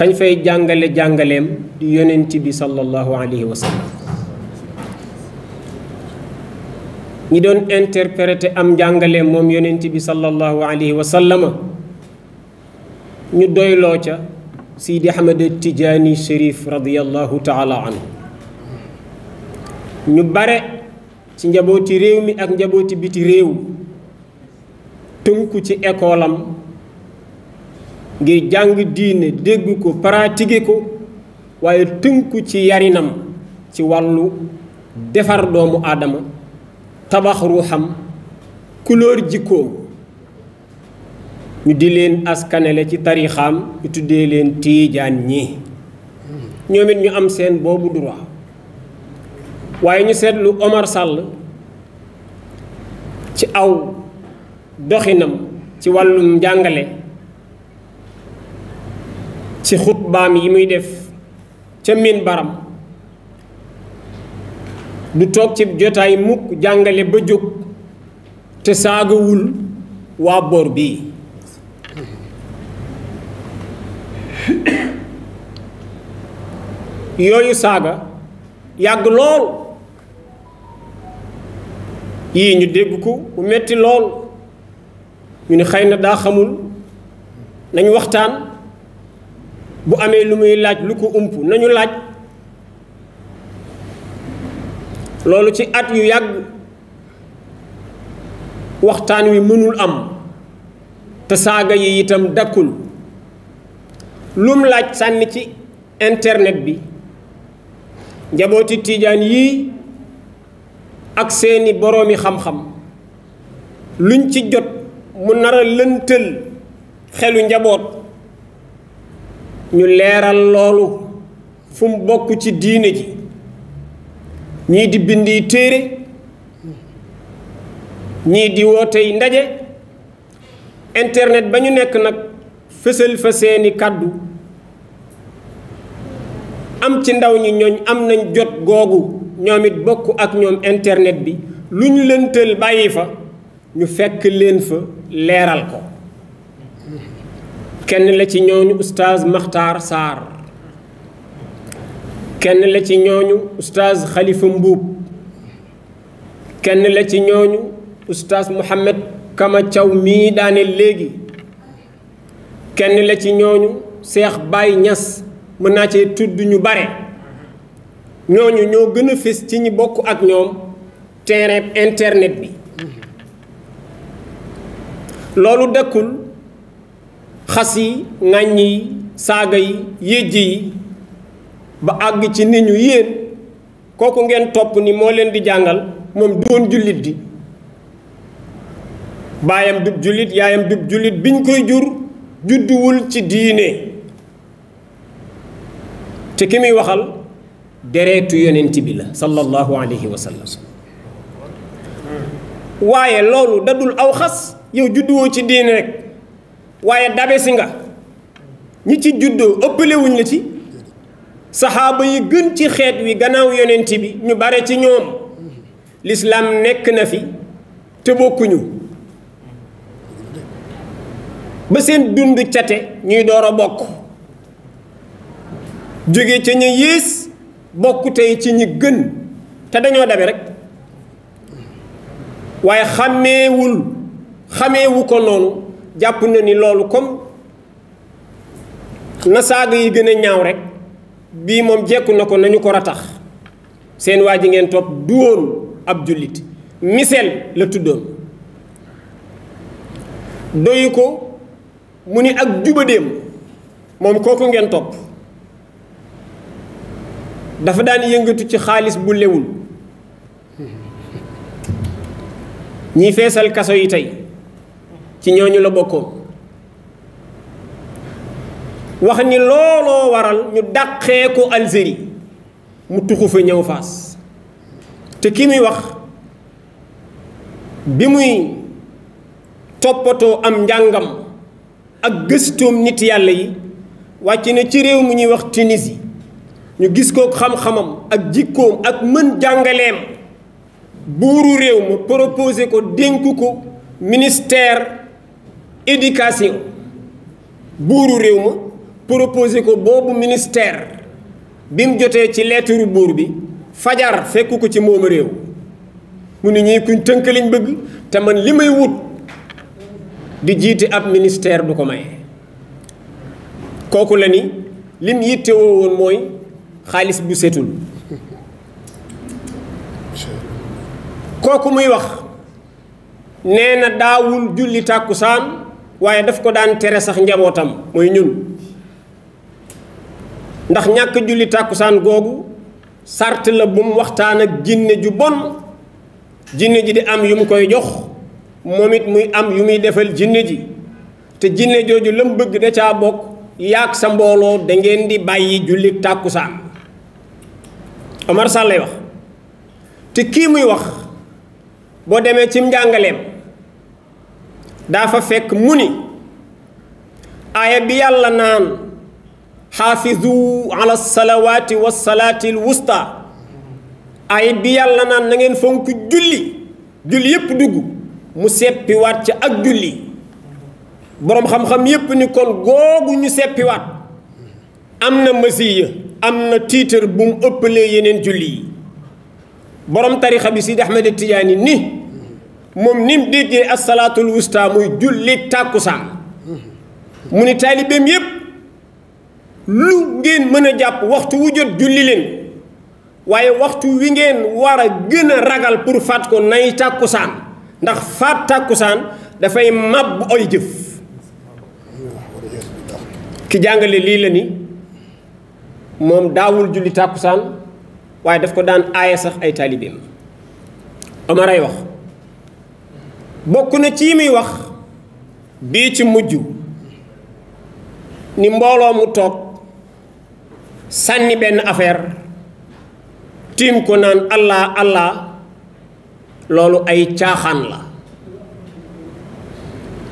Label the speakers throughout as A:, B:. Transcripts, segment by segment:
A: kañ fay jàngale jàngaleem di yonent bi sallallahu alayhi wa sallam ñi doon interpréter am njàngaleem moom yonent bi sallallahu alayhi wa sallam ñu doyloo ca Sidi Ahmed Tijaani Chérif radiyallahu taala anhu ñu bare ci njabooti réew mi ak njabooti biti réew tënku ci ekoolam ngir jàng diine dégg ko pratiquer ko waaye tënku ci yarinam ci wàllu defar doomu aadama tabax ruuxam couleur jikkoom ñu di leen askanele ci tarixaam ñu tuddee leen tiijaan ñi ñoom ñu am seen boobu droit waaye ñu seetlu Omar Sall ci aw doxinam ci wàllum njàngale ci baam yi muy def ca miin baram du toog ci jotaay mukk jàngale ba jóg te saagawul waa boor bii yooyu saaga yàgg lool yii ñu dégg ko bu metti lool ñu ne xëy na daa xamul nañ waxtaan bu amee lu muy laaj lu ko ump nañu laaj loolu ci at yu yàgg waxtaan wi mënul am te saaga yi itam dakkul lum laaj sànni ci internet bi njabooti tiijaan yii ak seeni boroomi xam-xam luñ ci jot mu nara a lëntal xelu njaboot ñu leeral loolu fum bokk ci diine ji ñii di bind yi téere ñii di woote yi ndaje internet ba ñu nekk nag fësal fa seeni kàddu am ci ndaw ñi ñooñ am nañ jot googu ñoom it bokk ak ñoom internet bi lu ñu leen tël bàyyi fa ñu fekk leen fa leeral ko kenn la ci ñooñu oustaz Makhtar Sarr kenn la ci ñooñu oustaz xalifa Mbuub kenn la ci ñooñu oustaz Mouhamed Kama Thiaw mii daane léegi kenn la ci ñooñu seex Baye ñas mën naa cee tudd ñu bare ñooñu ñoo gën a ci ñi bokk ak ñoom terrain internet bi loolu dëkkul xas yi ŋàññ yi saaga yi yéjj yi ba àgg ci nit ñu yéen kooku ngeen topp ni moo leen di jàngal moom doon jullit di baayam dub jullit yaayam dub jullit biñ koy jur judduwul ci diine te ki muy waxal dereetu yonent bi la sallallahu alayhi waaye loolu dadul aw xas yow judduwoo ci diine rek waaye dabe si nga ñi ci juddoo ëppalewuñ la ci saxaaba yi gën ci xeet wi gannaaw yonent bi ñu bare ci ñoom lislaam nekk na fi te bokkuñu ba seen dund cate ñuy door a bokk jóge ca ña yées bokk tey ci ñi gën te dañoo dabe rekk waaye xàmmeewul xàmmeewu ko noonu jàpp na ni loolu comme na saaga yi gën a ñaaw rekk bii moom jekku na ko nañu ko ratax seen waa ji ngeen topp du ab jullit miseel la tuddoon doyu ko mu ni ak jubadeem moom kooku ngeen topp dafa daan yëngatu ci xaalis bu lewul ñiy feesal kaso yi tey ci ñooñu la bokkoon wax ni looloo waral ñu dàqee ko Algérie mu tuxu fa ñëw Faas te ki muy wax bi muy toppatoo am njàngam ak gëstoom nit yàlla yi wàcc na ci réew mu ñuy wax Tunisie ñu gis ko xam-xamam ak jikkoom ak mën jàngaleem buuru réew ma proposé ko dénk ko ministère éducation buuru réew ma proposé ko boobu ministère bi mu jotee ci leetaru buur bi fajar fekk ko ci moom réew mu ne ñii kuñ tënk bëgg te man li may wut di jiite ab ministère du ko may kooku la ni lim yitte woo woon mooy xaalis bu setul kooku muy wax nee na daawul julli tàkkusaan waaye daf ko daan tere sax njabootam mooy ñun ndax ñàkk julli tàkkusaan googu sart la bu mu waxtaan ak jinne ju bon jinne ji di am yu mu koy jox moom it muy am yu muy defal jinne ji te jinne jooju la mu bëgg da caa bokk yaag sa mbooloo dangeen di bàyyi julli tàkkusaan Omar Sall wax te kii muy wax boo demee cim njàngaleem dafa fek muni aya bi yalla nan hafizu ala salawati was salati al wusta ay bi yalla nan na ngeen fonk julli jul yep dugg mu wat ci ak julli borom xam-xam yep ni kon gogu ñu seppi wat amna masiya amna bu mu eppele yenen julli borom tarikha bi Sidi Ahmed tijani ni moom ni mu déggee assalaatul wusta muy julli tàkkusaan mu ni taalibeem yépp lu ngeen mën a jàpp waxtu wu jot julli leen waaye waxtu wi ngeen war a gën a ragal pour faat ko nay tàkkusaan ndax faat tàkkusaan dafay màbb oy jëf ki jàngale lii la ni moom daawul julli tàkkusaan waaye daf ko daan aaye sax ay taalibeem Omar ay wax bokk na ci muy wax bii ci mujj ni mbooloo mu toog sànni benn affaire tiim ko naan allah allah loolu ay caaxaan la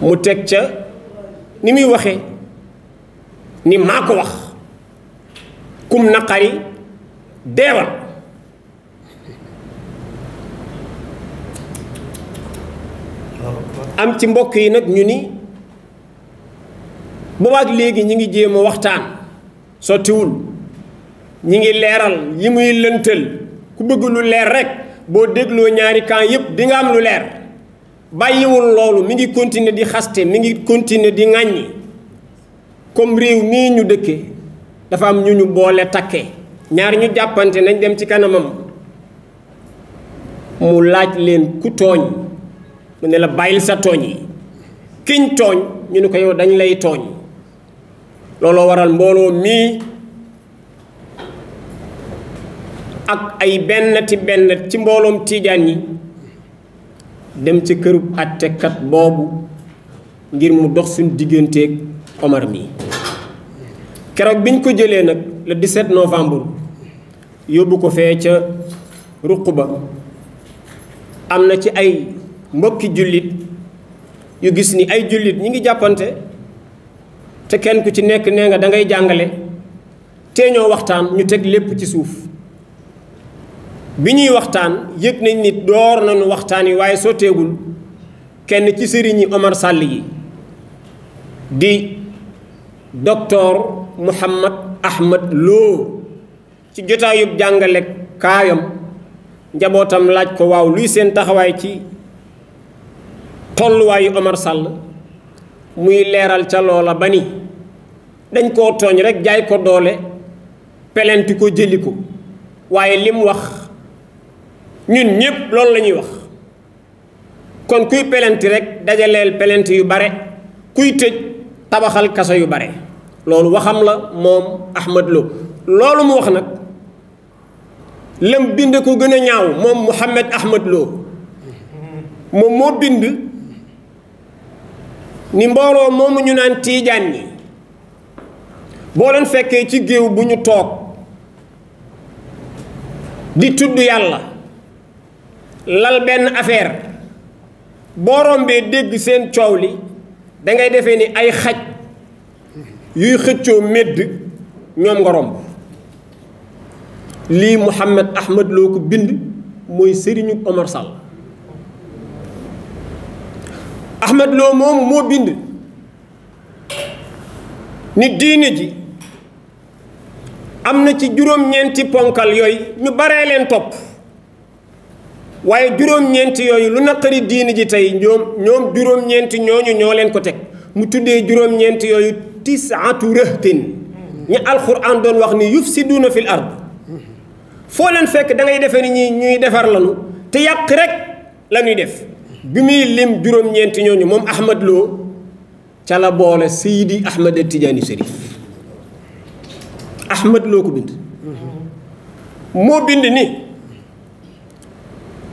A: mu teg ca ni muy waxe ni maa ko wax kum naqari deewal am ci mbokk yi nag ñu ni bu boobaak léegi ñi ngi jéem a waxtaan sottiwul ñi ngi leeral yi muy lëntal ku bëgg lu leer rek boo dégloo ñaari camp yépp di am lu leer bàyyiwul loolu mu ngi continuer di xaste mi ngi continuer di ŋàññi comme réew mii ñu dëkke dafa am ñu ñu boole takke ñaar ñu jàppante nañ dem ci kanamam mu laaj leen ku tooñ mu ne la bàyyil sa tooñ yi kiñ tooñ ñu ne ko yow dañ lay tooñ looloo waral mbooloo mii ak ay benn ti benn ci mbooloom tiijaan yi dem ci kërub àttekat boobu ngir mu dox suñu digganteeg Omar mii keroog biñ ko jëlee nag le 17 novembre yóbbu ko fee ca ruq ba am na ci ay mbokki jullit yu gis ni ay jullit ñi ngi jàppante te kenn ku ci nekk nee nga dangay jàngale tee waxtaan ñu teg lépp ci suuf bi ñuy waxtaan yëg nañ nit door nañu waxtaan yi waaye sotteegul kenn ci sëriñi Omar Sall yi di doktoor Mouhammad Ahmad loo ci jotaayub jàngale kaayam njabootam laaj ko waaw luy seen taxawaay ci tolluwaayu Omar Sall muy leeral ca loola ba ni dañ koo tooñ rek jaay ko doole pelenti ko jëli ko waaye lim wax ñun ñépp loolu la ñuy wax kon kuy pelenti rekk dajaleel pelenti yu bare kuy tëj tabaxal kaso yu bare loolu waxam la moom Ahmad Lo loolu mu wax nag lëm bind ko gën a ñaaw moom Mouhamed Ahmad Lo moom moo bind ni mbooloo moomu ñu naan tiijaan yi boo leen fekkee ci géew bu ñu toog di tudd yàlla lal benn affaire boo rombee dégg seen coow li dangay defe ni ay xaj yuy xëccoo medd ñoom nga romb lii Mouhamed Ahmed loo ko bind mooy sëriñu Omar Sall Ahmed loo moom moo bind ni diine ji am na ci juróom-ñeenti ponkal yooyu ñu baree leen topp waaye juróom-ñeenti yooyu lu naqari diine ji tey ñoom ñoom juróom-ñeenti ñooñu ñoo leen ko teg mu tuddee juróom-ñeenti yooyu tisaatu rëhtin ñi alxuraan doon wax ni yufsiduuna fil ard foo leen fekk dangay defe ni ñi ñuy defar lanu te yàq rek la ñuy def bi muy lim juróom-ñeenti ñooñu moom Ahmad Lo ca la boole Seydi Ahmad Tidiane Cherif Ahmad Lo ko bind. moo bind ni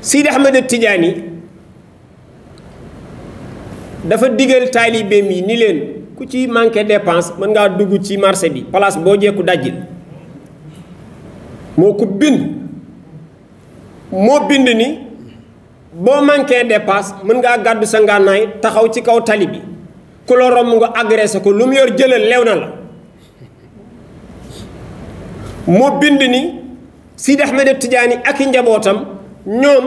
A: Seydi Ahmad Tidiane dafa digal taalibeem yi ni leen ku ci manqué dépense mën ngaa dugg ci marché bi place boo jekku dajjil moo ko bind moo bind ni. boo manqué dépasse mën ngaa gàddu sa ngànnaay taxaw ci kaw tali bi ku la romb nga agressé ko lu mu yor jëlal lew na la mu bind ni sii Sidi Ahmed Tidiane ak i njabootam ñoom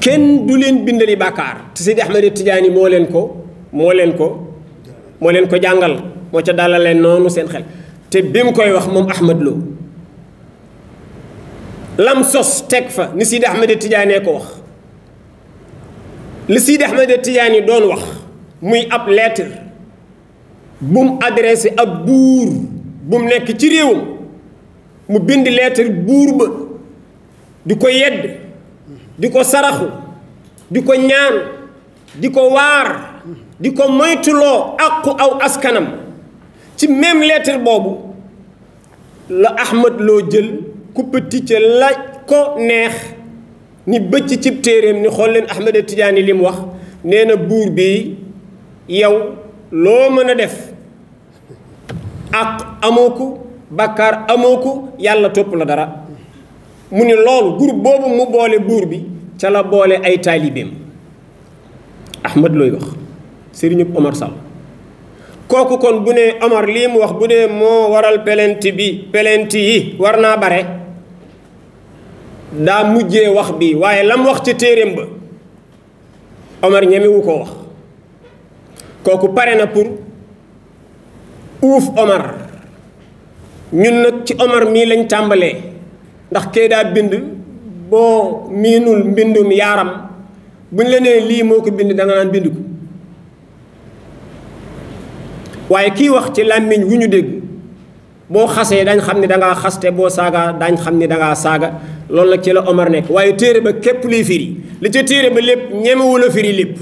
A: kenn du leen bindali bàkkaar te Sidi Ahmed Tidiane moo leen ko moo leen ko moo leen ko jàngal moo ca dalal leen noonu seen xel te bi mu koy wax moom Ahmed Lo lam sos teg fa ni Sidi Ahmed Tidiane ko wax li Sidi Ahmed Tidiane doon wax muy ab lettre bu mu ab buur bu nekk ci réewam mu bind lettre buur ba di ko yedd di ko saraxu di ko ñaan di ko waar di ko moytuloo àqu aw askanam ci même lettre boobu la Ahmed loo jël kuppati ca laaj ko neex ni bëcc cib téeréem ni xool leen Ahmada Tijaani li mu wax nee na buur bi yow loo mën a def ak amoo ko bàkkaar amoo yàlla topp la dara mu ni loolu groupe boobu mu boole buur bi ca la boole ay taalibeem Ahmad looy wax sëriñub Omar Sall kooku kon bu ne Omar lii mu wax bu dee moo waral pelenti bi pelenti yi war naa bare daa mujje wax bi waaye lam wax ca téeréem ba Omar ñemewu koo wax kooku pare na pour uuf Omar ñun nag ci Omar mii lañ tàmbalee ndax kee daa bind boo miinul mbindum yaaram buñ la nee lii moo ko bind da nga naan bind ko waaye kii wax ci làmmiñ wu ñu dégg boo xasee dañ xam ne dangaa xaste boo saaga dañ xam ni dangaa saaga loolu nag ci la Omar nekk waaye téere ba képp luy firi li ca téere ba lépp ñemewu la firi lépp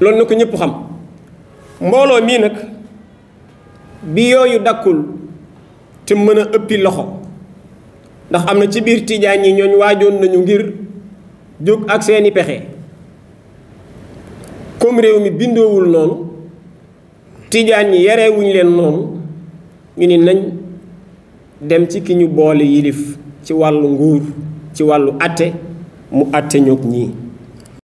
A: loolu na ko ñëpp xam mbooloo mii nag bi yooyu dakkul te mën a ëppi loxo ndax am na ci biir tiijaan yi ñooñ waajoon nañu ngir jóg ak seeni pexe comme réew mi bindoowul noonu tiijaan yi yarewuñ leen noonu ñu ni nañ dem ci ki ñu boole yilif ci wàllu nguur ci wàllu atte mu atte ñoog ñii